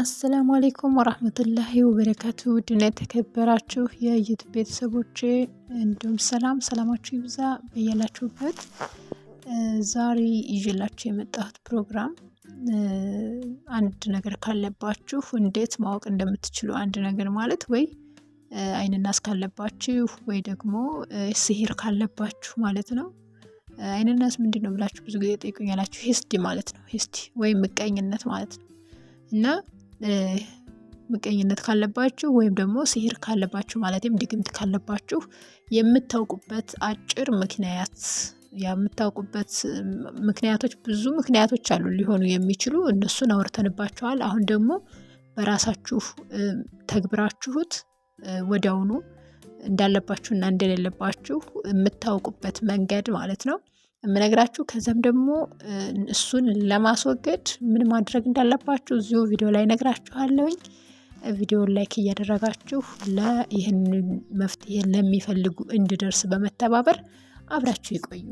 አሰላሙ አሌይኩም ወራህመቱላሂ ወበረካቱ ውድና የተከበራችሁ የይት ቤተሰቦቼ እንዲሁም ሰላም ሰላማችሁ ይብዛ በያላችሁበት። ዛሬ ይዤላችሁ የመጣሁት ፕሮግራም አንድ ነገር ካለባችሁ እንዴት ማወቅ እንደምትችሉ አንድ ነገር ማለት ወይ አይንናስ ካለባችሁ ወይ ደግሞ ስሄር ካለባችሁ ማለት ነው። አይንናስ ምንድን ነው ብላችሁ ብዙ ጊዜ ጠይቁኛላችሁ። ሂስድ ማለት ነው። ሂስድ ወይም ምቀኝነት ማለት ነው እና ምቀኝነት ካለባችሁ ወይም ደግሞ ሲህር ካለባችሁ ማለትም ድግምት ካለባችሁ የምታውቁበት አጭር ምክንያት የምታውቁበት ምክንያቶች ብዙ ምክንያቶች አሉ ሊሆኑ የሚችሉ እነሱን አውርተንባቸዋል። አሁን ደግሞ በራሳችሁ ተግብራችሁት ወዲያውኑ እንዳለባችሁና እንደሌለባችሁ የምታውቁበት መንገድ ማለት ነው። የምነግራችሁ። ከዚም ደግሞ እሱን ለማስወገድ ምን ማድረግ እንዳለባችሁ እዚሁ ቪዲዮ ላይ ነግራችኋለውኝ። ቪዲዮን ላይክ እያደረጋችሁ ለይህን መፍትሄ ለሚፈልጉ እንድደርስ በመተባበር አብራችሁ ይቆዩ።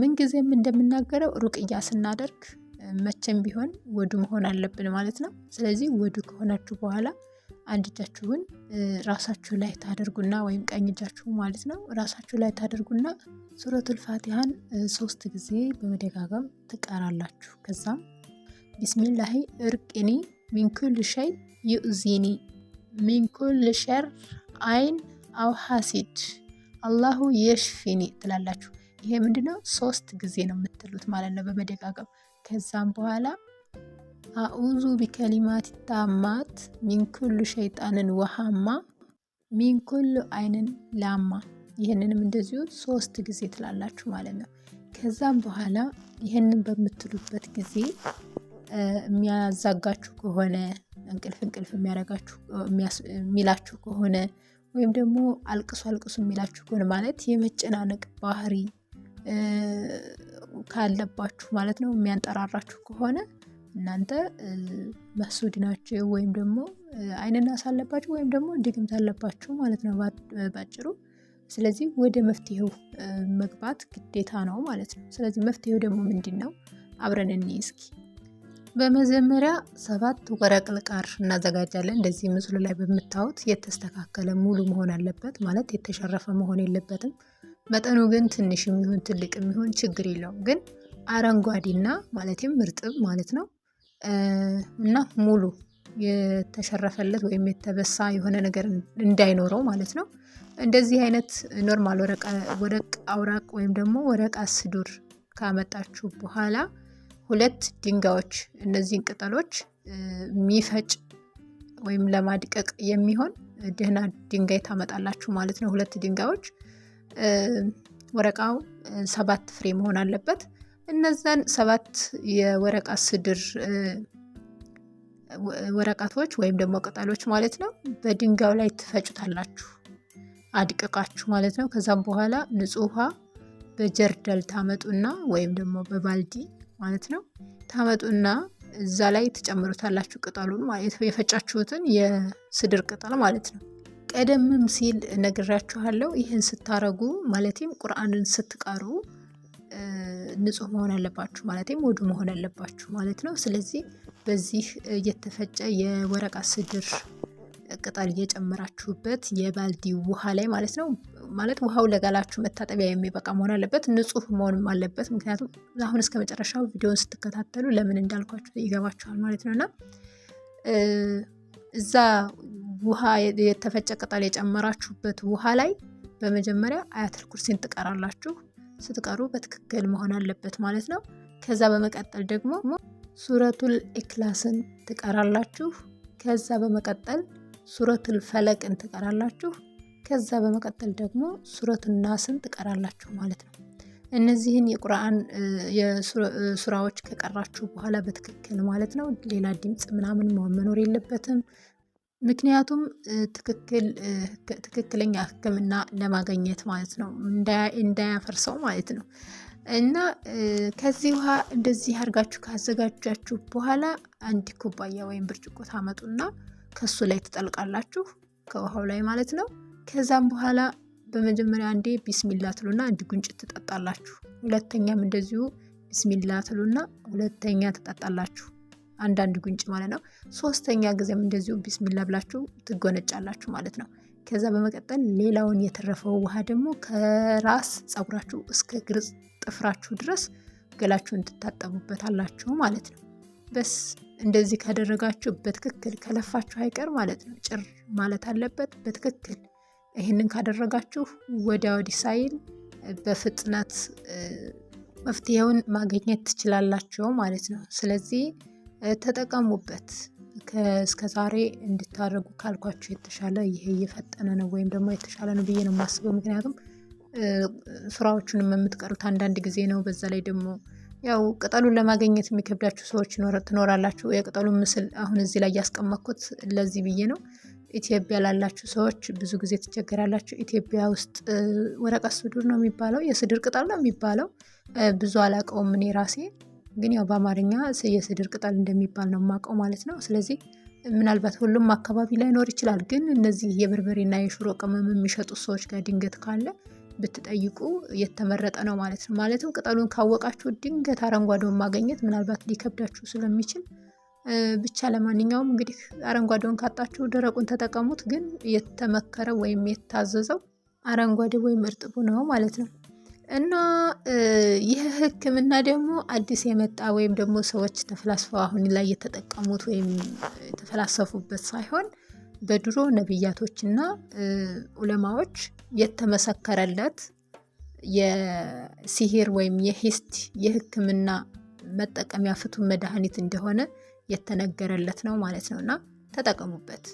ምንጊዜም እንደምናገረው ሩቅያ ስናደርግ መቼም ቢሆን ወዱ መሆን አለብን ማለት ነው። ስለዚህ ወዱ ከሆናችሁ በኋላ አንድ እጃችሁን ራሳችሁ ላይ ታደርጉና ወይም ቀኝ እጃችሁ ማለት ነው ራሳችሁ ላይ ታደርጉና ሱረቱል ፋቲሃን ሶስት ጊዜ በመደጋገም ትቀራላችሁ። ከዛም ቢስሚላሂ እርቅኒ ሚንኩል ሸይ ዩእዚኒ ሚንኩል ሸር አይን አው ሐሲድ አላሁ የሽፊኒ ትላላችሁ። ይሄ ምንድነው? ሶስት ጊዜ ነው የምትሉት ማለት ነው በመደጋገም ከዛም በኋላ አኡዙ ቢከሊማት ታማት ሚን ሸይጣንን ውሃማ ሚንኩሉ አይንን ላማ። ይህንንም እንደዚሁ ሶስት ጊዜ ትላላችሁ ማለት ነው። ከዛም በኋላ ይህንን በምትሉበት ጊዜ የሚያዛጋችሁ ከሆነ እንቅልፍ እንቅልፍ የሚላችሁ ከሆነ ወይም ደግሞ አልቅሱ አልቅሱ የሚላችሁ ከሆነ ማለት የመጨናነቅ ባህሪ ካለባችሁ ማለት ነው የሚያንጠራራችሁ ከሆነ እናንተ መሱድ ናቸው ወይም ደግሞ አይንናስ አለባችሁ ወይም ደግሞ ድግምት አለባችሁ ማለት ነው ባጭሩ። ስለዚህ ወደ መፍትሄው መግባት ግዴታ ነው ማለት ነው። ስለዚህ መፍትሄው ደግሞ ምንድን ነው? አብረን እኒ እስኪ በመጀመሪያ ሰባት ወረቅልቃር እናዘጋጃለን። እንደዚህ ምስሉ ላይ በምታዩት የተስተካከለ ሙሉ መሆን አለበት ማለት የተሸረፈ መሆን የለበትም። መጠኑ ግን ትንሽ የሚሆን ትልቅ የሚሆን ችግር የለውም። ግን አረንጓዴና ማለትም እርጥብ ማለት ነው እና ሙሉ የተሸረፈለት ወይም የተበሳ የሆነ ነገር እንዳይኖረው ማለት ነው። እንደዚህ አይነት ኖርማል ወረቀ ወረቅ አውራቅ ወይም ደግሞ ወረቅ አስዱር ካመጣችሁ በኋላ ሁለት ድንጋዮች እነዚህን ቅጠሎች የሚፈጭ ወይም ለማድቀቅ የሚሆን ደህና ድንጋይ ታመጣላችሁ ማለት ነው። ሁለት ድንጋዮች ወረቃው ሰባት ፍሬ መሆን አለበት። እነዛን ሰባት የወረቀት ስድር ወረቀቶች ወይም ደግሞ ቅጠሎች ማለት ነው በድንጋዩ ላይ ትፈጩታላችሁ አድቅቃችሁ ማለት ነው። ከዛም በኋላ ንጹህ ውሃ በጀርደል ታመጡና ወይም ደግሞ በባልዲ ማለት ነው ታመጡና እዛ ላይ ትጨምሩታላችሁ ቅጠሉን የፈጫችሁትን የስድር ቅጠል ማለት ነው። ቀደምም ሲል ነግራችኋለሁ። ይህን ስታረጉ ማለትም ቁርአንን ስትቀሩ ንጹህ መሆን አለባችሁ ማለትም ውዱ መሆን አለባችሁ ማለት ነው። ስለዚህ በዚህ እየተፈጨ የወረቀት ስድር ቅጠል እየጨመራችሁበት የባልዲ ውሃ ላይ ማለት ነው። ማለት ውሃው ለጋላችሁ መታጠቢያ የሚበቃ መሆን አለበት፣ ንጹህ መሆንም አለበት። ምክንያቱም አሁን እስከ መጨረሻው ቪዲዮን ስትከታተሉ ለምን እንዳልኳችሁ ይገባችኋል ማለት ነው እና እዛ ውሃ የተፈጨ ቅጠል የጨመራችሁበት ውሃ ላይ በመጀመሪያ አያተል ኩርሲን ትቀራላችሁ። ስትቀሩ በትክክል መሆን አለበት ማለት ነው። ከዛ በመቀጠል ደግሞ ሱረቱል ኢክላስን ትቀራላችሁ። ከዛ በመቀጠል ሱረቱል ፈለቅን ትቀራላችሁ። ከዛ በመቀጠል ደግሞ ሱረቱ ናስን ትቀራላችሁ ማለት ነው። እነዚህን የቁርአን ሱራዎች ከቀራችሁ በኋላ በትክክል ማለት ነው። ሌላ ድምፅ ምናምን መኖር የለበትም። ምክንያቱም ትክክለኛ ሕክምና ለማገኘት ማለት ነው፣ እንዳያፈርሰው ማለት ነው። እና ከዚህ ውሃ እንደዚህ አድርጋችሁ ካዘጋጃችሁ በኋላ አንድ ኩባያ ወይም ብርጭቆ ታመጡና ከሱ ላይ ትጠልቃላችሁ፣ ከውሃው ላይ ማለት ነው። ከዛም በኋላ በመጀመሪያ አንዴ ቢስሚላ ትሉና አንድ ጉንጭት ትጠጣላችሁ። ሁለተኛም እንደዚሁ ቢስሚላ ትሉና ሁለተኛ ትጠጣላችሁ። አንዳንድ ጉንጭ ማለት ነው። ሶስተኛ ጊዜም እንደዚሁ ቢስሚላ ብላችሁ ትጎነጫላችሁ ማለት ነው። ከዛ በመቀጠል ሌላውን የተረፈው ውሃ ደግሞ ከራስ ፀጉራችሁ እስከ ግርጽ ጥፍራችሁ ድረስ ገላችሁን ትታጠቡበታላችሁ ማለት ነው። በስ እንደዚህ ካደረጋችሁ በትክክል ከለፋችሁ አይቀር ማለት ነው። ጭር ማለት አለበት በትክክል ይህንን ካደረጋችሁ ወዲያ ወዲህ ሳይል በፍጥነት መፍትሄውን ማግኘት ትችላላችሁ ማለት ነው። ስለዚህ ተጠቀሙበት። እስከ ዛሬ እንድታደርጉ ካልኳቸው የተሻለ ይሄ እየፈጠነ ነው ወይም ደግሞ የተሻለ ነው ብዬ ነው የማስበው። ምክንያቱም ስራዎቹንም የምትቀሩት አንዳንድ ጊዜ ነው። በዛ ላይ ደግሞ ያው ቅጠሉን ለማግኘት የሚከብዳችሁ ሰዎች ትኖራላችሁ። የቅጠሉን ምስል አሁን እዚህ ላይ ያስቀመጥኩት ለዚህ ብዬ ነው። ኢትዮጵያ ላላችሁ ሰዎች ብዙ ጊዜ ትቸገራላችሁ። ኢትዮጵያ ውስጥ ወረቀት ስዱር ነው የሚባለው፣ የስድር ቅጠል ነው የሚባለው። ብዙ አላውቀውም እኔ ራሴ ግን ያው በአማርኛ የስድር ቅጠል እንደሚባል ነው የማውቀው ማለት ነው። ስለዚህ ምናልባት ሁሉም አካባቢ ላይኖር ይችላል። ግን እነዚህ የበርበሬና የሽሮ ቅመም የሚሸጡ ሰዎች ጋር ድንገት ካለ ብትጠይቁ የተመረጠ ነው ማለት ነው። ማለትም ቅጠሉን ካወቃችሁ ድንገት አረንጓዴውን ማገኘት ምናልባት ሊከብዳችሁ ስለሚችል ብቻ ለማንኛውም እንግዲህ አረንጓዴውን ካጣችሁ ደረቁን ተጠቀሙት። ግን የተመከረው ወይም የታዘዘው አረንጓዴ ወይም እርጥቡ ነው ማለት ነው። እና ይህ ህክምና ደግሞ አዲስ የመጣ ወይም ደግሞ ሰዎች ተፈላስፈው አሁን ላይ የተጠቀሙት ወይም የተፈላሰፉበት ሳይሆን በድሮ ነቢያቶችና ዑለማዎች የተመሰከረለት የሲሄር ወይም የሂስት የህክምና መጠቀሚያ ፍቱን መድኃኒት እንደሆነ የተነገረለት ነው ማለት ነው እና ተጠቀሙበት።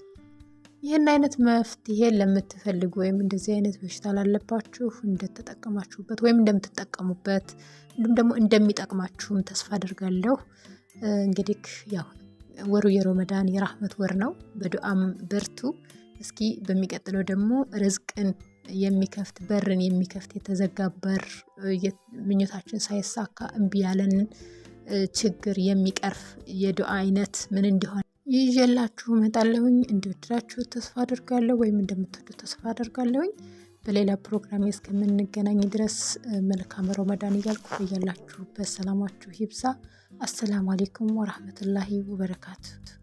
ይህን አይነት መፍትሄ ለምትፈልጉ ወይም እንደዚህ አይነት በሽታ ላለባችሁ እንደተጠቀማችሁበት ወይም እንደምትጠቀሙበት እንዲሁም ደግሞ እንደሚጠቅማችሁም ተስፋ አድርጋለሁ። እንግዲህ ያው ወሩ የሮመዳን የራህመት ወር ነው። በዱዓም በርቱ። እስኪ በሚቀጥለው ደግሞ ርዝቅን የሚከፍት በርን የሚከፍት የተዘጋ በር ምኞታችን ሳይሳካ እምቢ ያለንን ችግር የሚቀርፍ የዱዓ አይነት ምን እንዲሆን ይዤላችሁ እመጣለሁኝ። እንደወደዳችሁ ተስፋ አድርጋለሁ፣ ወይም እንደምትወዱ ተስፋ አድርጋለሁኝ። በሌላ ፕሮግራም እስከምንገናኝ ድረስ መልካም ረመዳን እያልኩ እያላችሁበት ሰላማችሁ ይብዛ። አሰላሙ አሌይኩም ወራህመቱላሂ ወበረካቱ።